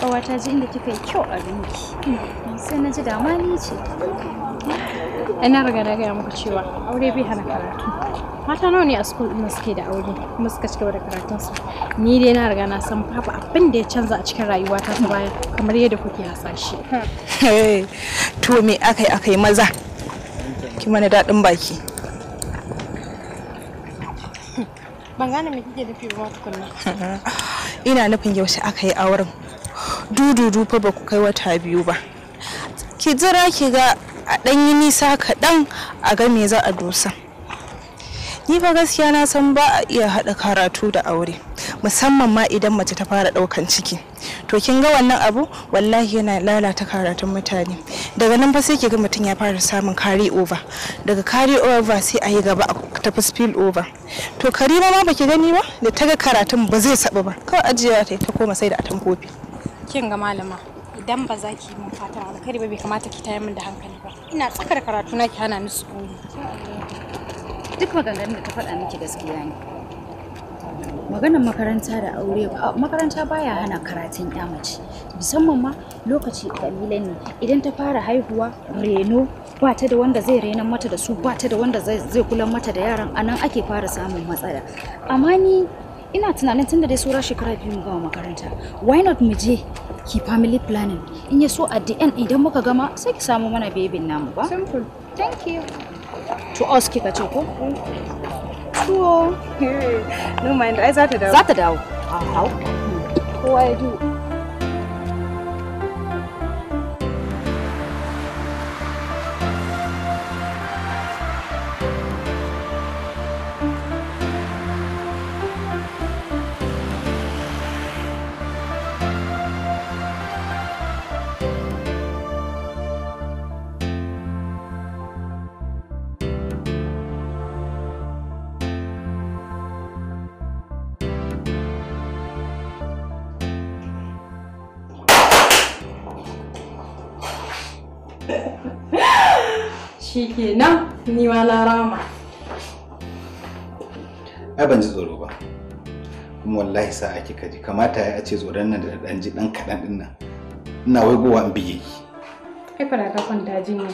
kawata ji inda kika yi kyau a ganki. Sai na ji dama ni ce. Ina riga na gaya muku cewa aure bai hana karatu. Mata nawa ne a school ɗin suke da aure kuma suka da karatunsu. Ni dai na riga na san babu abin da ya canza a cikin rayuwata ta baya kamar yadda kuke hasashe. To me aka yi maza? Ki mana daɗin baki. ban gane me kike nufi ba tukunna ina nufin yaushe aka yi auren dududu fa ba ku kai wata biyu ba ki jira ki ga a ɗan yi nisa kaɗan a ga me za a dosa ni fa gaskiya na san ba a iya haɗa karatu da aure musamman ma idan mace ta fara ɗaukan ciki to kin ga wannan abu wallahi yana lalata karatun mutane daga nan ba sai ke ga mutum ya fara samun carry over daga carry over sai a yi gaba a tafi spill over to karima ma baki gani ba da ta ga karatun ba zai saba ba kawai ajiyar ta ta koma sai da atan kofi kin ga malama idan ba za ki yi min fatan alkhairi ba bai kamata ki tayar min da hankali ba ina tsakar karatu na ki hana ni sukuni duk maganganun da ta faɗa miki gaskiya ne maganar makaranta da aure makaranta baya hana karatun ya mace musamman ma lokaci kalilan ne idan ta fara haihuwa reno ba ta da wanda zai renan mata da su ba ta da wanda zai kula mata da yaran anan ake fara samun matsala amma ni ina tunanin da dai sura shekara biyu mu gama makaranta why not mu je ki family planning in ya so at the end idan muka gama sai ki samu mana bebin namu ba simple thank you to us kika ce ko tuwo no mind ai za ta dawo za ta dawo ah, kowa ya shi kenan ni ma na rama ai ban ji tsoro ba kuma wallahi sa'a kika ji kamata ya ce tsoron nan da ɗan ji ɗan kaɗan din nan ina wai gowa in bige ki kai fara ka kwanta ne.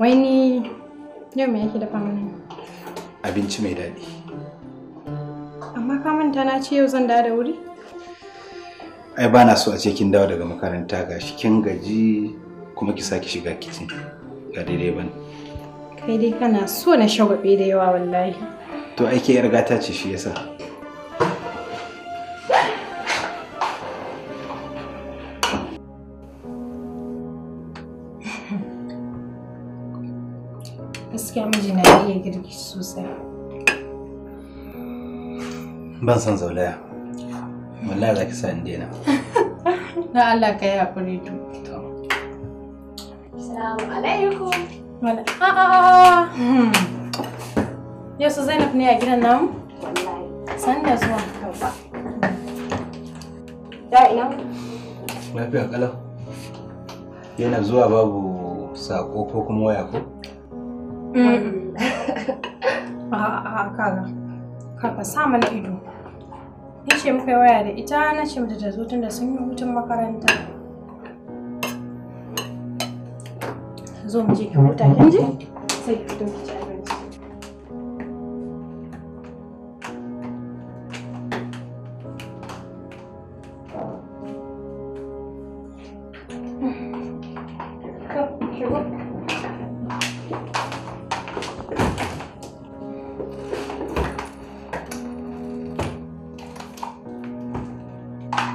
wai ni yau me yake dafa mana abinci mai daɗi amma ka manta na ce yau zan dawo da wuri ai ba na so a ce kin dawo daga makaranta gashi kin gaji kuma ki sake shiga kicin ba daidai ba kai dai kana so na shagwabe da yawa wallahi to aiki yar gata ce shi yasa gaskiya miji na iya girki sosai ban san zaulaya wallahi za ki sa in daina na Allah ka yi haƙuri to Assalamu alaikum. Hmm. Yau su Zainab ne a gidan namu? Wallahi. San da zuwa. Da ina? Lafiya kala. Yana zuwa babu sako ko kuma waya ko? Hmm. Hmm. A'a ah, ah, kaga. Kaga sa mana ido. Ni ce muka waya da ita na ce mata ta zo tun da sun yi hutun makaranta. zo mu je ki huta kin ji sai ki fito ki ci abinci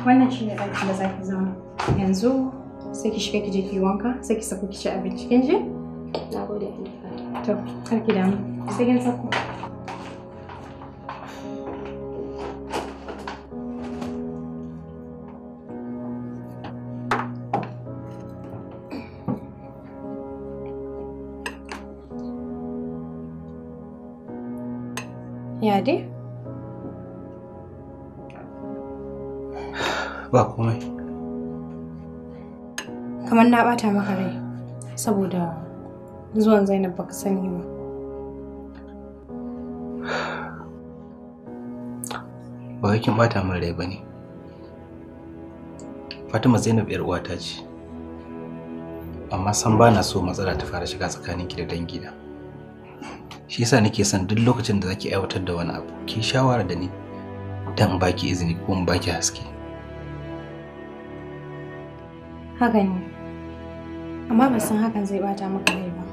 wannan shine ɗaki da zaki zama yanzu sai ki shiga wanka sai ki sako ki ci abinci kin na gode to kar ki damu sako Ya Ba komai. kamar na bata maka rai saboda zuwan zainab baka sani ba ba wai kin bata min rai bane fatima zainab yar uwata ce amma san ba na so matsala ta fara shiga tsakaninki da dangina shi yasa nake son duk lokacin da zaki aiwatar da wani abu ki shawara da ni dan baki izini ko baki haske haka ne amma ba san hakan zai bata maka rai ba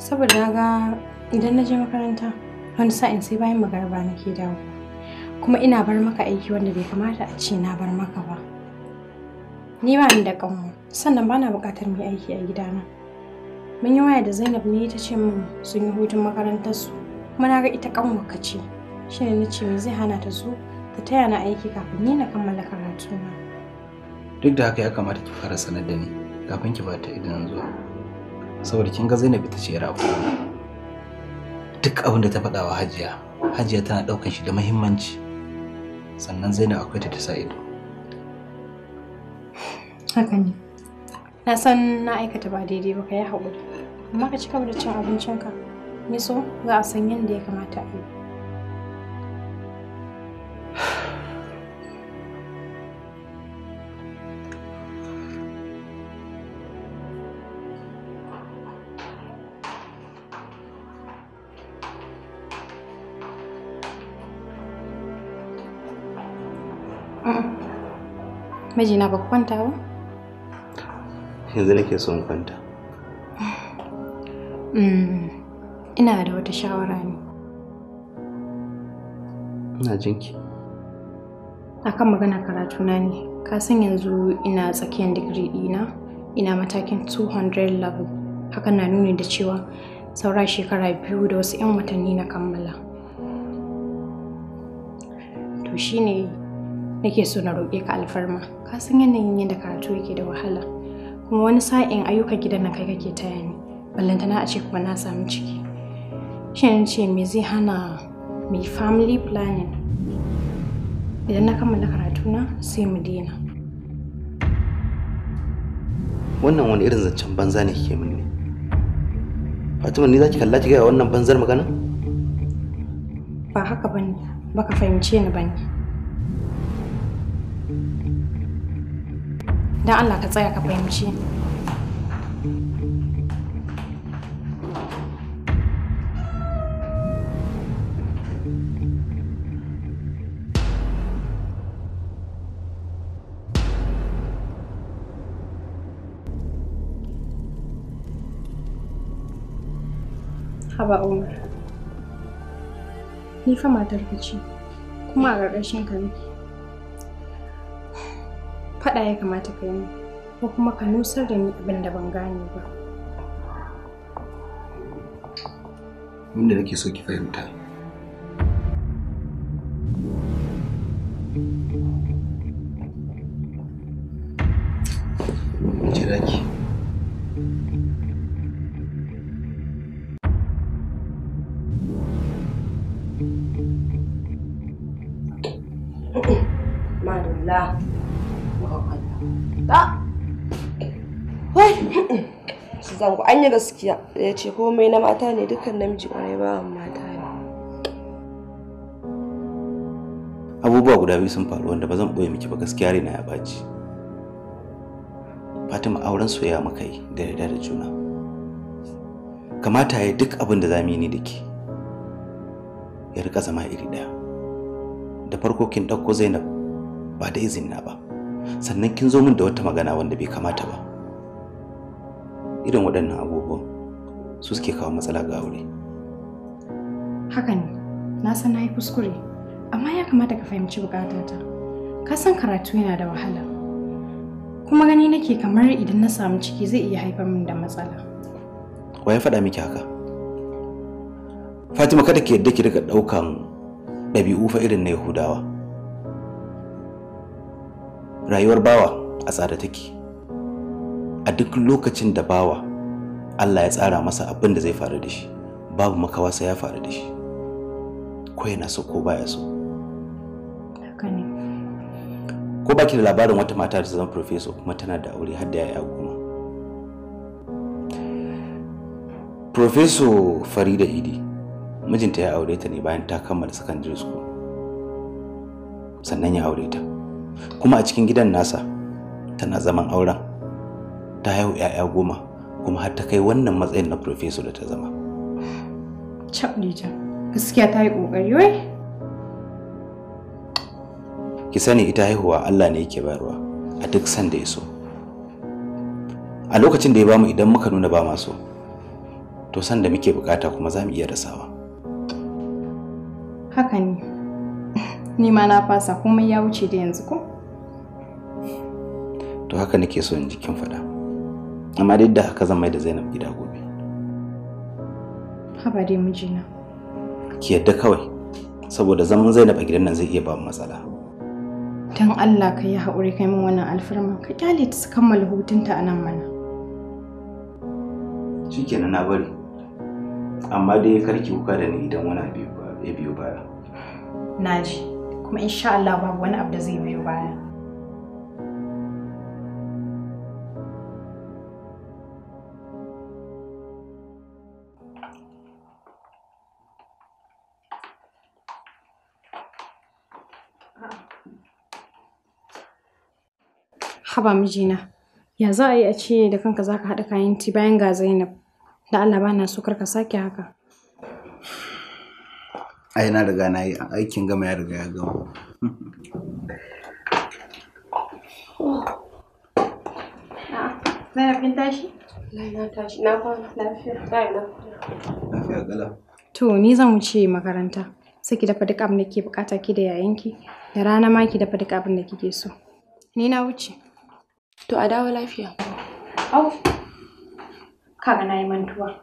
saboda ga idan na je makaranta wani sa'in sai bayan magarba nake dawo kuma ina bar maka aiki wanda bai kamata a ce na bar maka ba ni ba ni da kanmu sannan bana buƙatar mu aiki a gidana mun yi waya da Zainab ne ta ce min sun yi hutun makarantar su kuma na ga ita kanwa ce shine ce me zai hana ta zo ta taya na aiki kafin ni na kammala karatu na duk da haka ya kamata ki fara sanar da ni kafin ki bata idan zuwa saboda kin ga Zainab ta ce yar duk abin da ta faɗa wa Hajiya Hajiya tana ɗaukan shi da muhimmanci sannan Zainab akwai ta ta sa ido haka ne na san na aikata ba daidai ba ka yi haƙuri amma ka ci gaba da cin abincinka ni so za a san yadda ya kamata a yi Mm. Mijina ba ku kwanta ba? Yanzu nake so kwanta. Mm. Ina da wata shawara ne. Ina jinki. Akan magana karatuna ne. kasan yanzu ina tsakiyar digiri ɗina, ina matakin 200 level. Hakan na nuni da cewa saura shekara biyu da wasu 'yan watanni na kammala. To shine nake so na roƙe ka alfarma ka san yanayin yadda karatu yake da wahala kuma wani sa'in ayyukan gidan na kai kake taya ni ballantana a ce kuma na samu ciki shin ce me zai hana me family planning idan na kammala karatuna sai mu dena. wannan wani irin zancen banza ne kike mini Fatima ni zaki kalla ki ga wannan banzar magana ba haka bane baka fahimce ni bane don Allah ka tsaya ka fahimci Haba Umar, ni fa matar ce, kuma a ƙarƙashin ka nake. faɗa ya kamata ka yi ko kuma ka nusar da ni abin da ban gane ba abin da nake so ki fahimta jira su zango an yi gaskiya ya ce komai na mata ne dukkan namiji kwarai bawan mata ne abubuwa guda biyu sun faru wanda ba zan ɓoye miki ba gaskiya na ya baci fatima auren soyayya muka yi da yarda da juna kamata ya duk abin da zamu yi ni da ke ya rika zama iri ɗaya da farko kin ɗauko zainab ba da izini na ba sannan kin zo min da wata magana wanda bai kamata ba irin waɗannan abubuwan su suke kawo matsala ga aure haka ne na san na yi kuskure amma ya kamata ka fahimci bukatata ka san karatu yana da wahala kuma gani nake kamar idan na samu ciki zai iya haifar min da matsala wa ya faɗa miki haka fatima kada ki yadda ki riga ɗaukan ɗabi'u fa irin na yahudawa rayuwar bawa a tsara take a duk lokacin da bawa Allah ya tsara masa abin da zai faru da shi babu makawa sai ya faru da shi ko yana so ko baya so ko baki da labarin wata mata da zama professor kuma tana da aure har da yaya goma professor farida idi mijinta ya aure ta ne bayan ta kammala secondary school sannan ya aure ta kuma a cikin gidan nasa tana zaman auren ta haihu 'ya'ya goma kuma har ta kai wannan matsayin na professor da ta zama can gaskiya ta yi ƙoƙari wai ki sani ita haihuwa Allah ne yake bayarwa a duk sanda ya so a lokacin da ya bamu idan muka nuna ba maso to san da muke bukata kuma za mu iya rasawa haka ne ni ma na fasa komai ya wuce da yanzu ko to haka nake so in jikin faɗa amma duk da haka zan mai da zainab gida gobe haba dai mijina ki yadda kawai saboda zaman zainab a gidan nan zai iya ba matsala don allah ka yi haƙuri kai min wannan alfarma ka kyale ta su kammala hutunta a nan mana shikenan na bari amma dai karki kuka da ni idan wani abu ya biyo baya na ji kuma insha allah babu wani abu da zai biyo baya Haba mijina, ya za a yi a ce da kanka za ka haɗa kayan ti bayan ga Zainab. Da Allah ba na so kar sake haka. Ai na riga na yi aikin gama ya riga ya gama. To ni zan wuce makaranta. Sai ki dafa duk abin da ke bukata ki da yayanki. Da rana ma ki dafa duk abin da kike so. Ni na wuce. To a dawo lafiya. Au, kaga na yi mantuwa.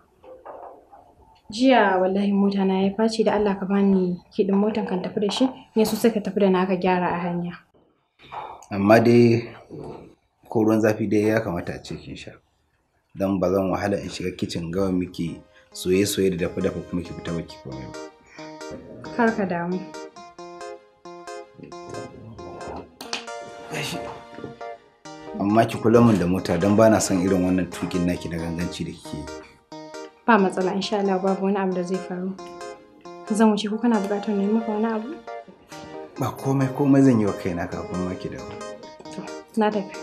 Jiya wallahi mota na ya faci da Allah ka bani kiɗin motan kan tafi da shi, ne su suka tafi da na ka gyara a hanya. Amma dai ko ruwan zafi dai ya kamata a ce kin sha. Dan ba zan wahala in shiga kicin gawa miki soye-soye da dafa-dafa kuma ki fita baki komai ba. Kar ka damu. Gashi. amma ki kula min da mota don ba na son irin wannan tukin naki da ganganci da kike yi. Ba matsala insha Allah babu wani abu da zai faru. Zan wuce ko kana buƙatar na maka wani abu? Ba komai komai zan yi wa kaina kafin ma da dawo. Na tafi.